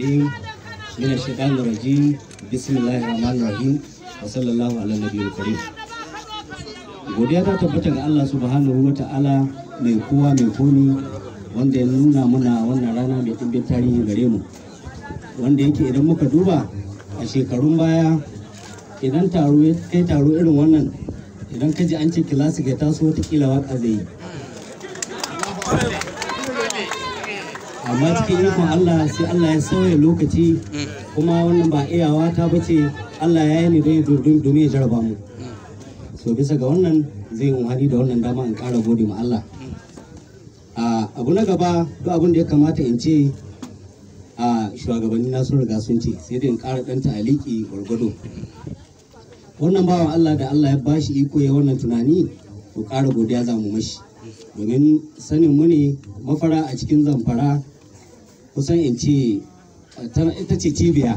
العليم من الشيطان الرجيم بسم الله الرحمن الرحيم وصلى الله ta tabbata ga Allah subhanahu wa ta'ala mai kowa mai komi wanda ya nuna muna wannan rana mai ɗimbin tarihi gare mu wanda yake idan muka duba a shekarun baya idan taro ya irin wannan idan ka an ce kilasi ka taso wata kila waka zai yi amma cikin ikon Allah sai Allah ya sauya lokaci kuma wannan ba iyawa ta bace Allah ya yi ni dai durdun dumi ya jarba mu so bisa ga wannan zai yi da wannan dama in kara gode ma Allah abu na gaba duk abin da ya kamata in ce a shugabanni na sun riga sun ce sai dai in kara ƙara ta liki gwargwado wannan bawan Allah da Allah ya bashi iko ya wannan tunani to kara godiya za mu mashi domin sanin mu ne mafara a cikin zamfara kusan in ce ita ce cibiya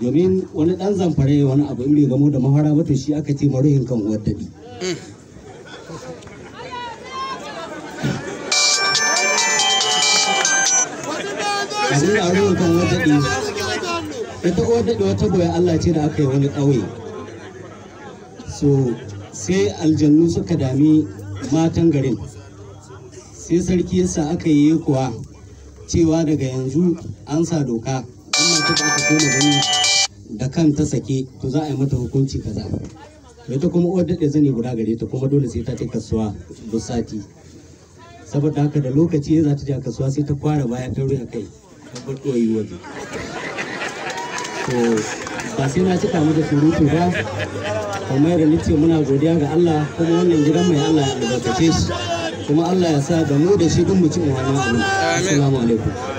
domin wani dan ya wani abu in bai gamo da mafara ba to shi aka ce maruhin kan uwar abin da ita uwar daɗi wata goya Allah ce da aka yi wani kauye so sai aljannu suka dami matan garin sai sarki yasa aka yi kuwa cewa daga yanzu an sa doka amma ta aka koma gani da kan ta sake to za a yi mata hukunci kaza ta kuma uwar daɗe zane guda gare ta kuma dole sai ta ta kasuwa duk sati saboda haka da lokaci za ta ja kasuwa sai ta kwara baya ta akai kai ta bar waje ba sai na cika mu da surutu ba kamar da nace muna godiya ga Allah kuma wannan gidan mai Allah ya albarkace shi kuma Allah ya sa ga mu da shi duk mu ci wani abu assalamu alaikum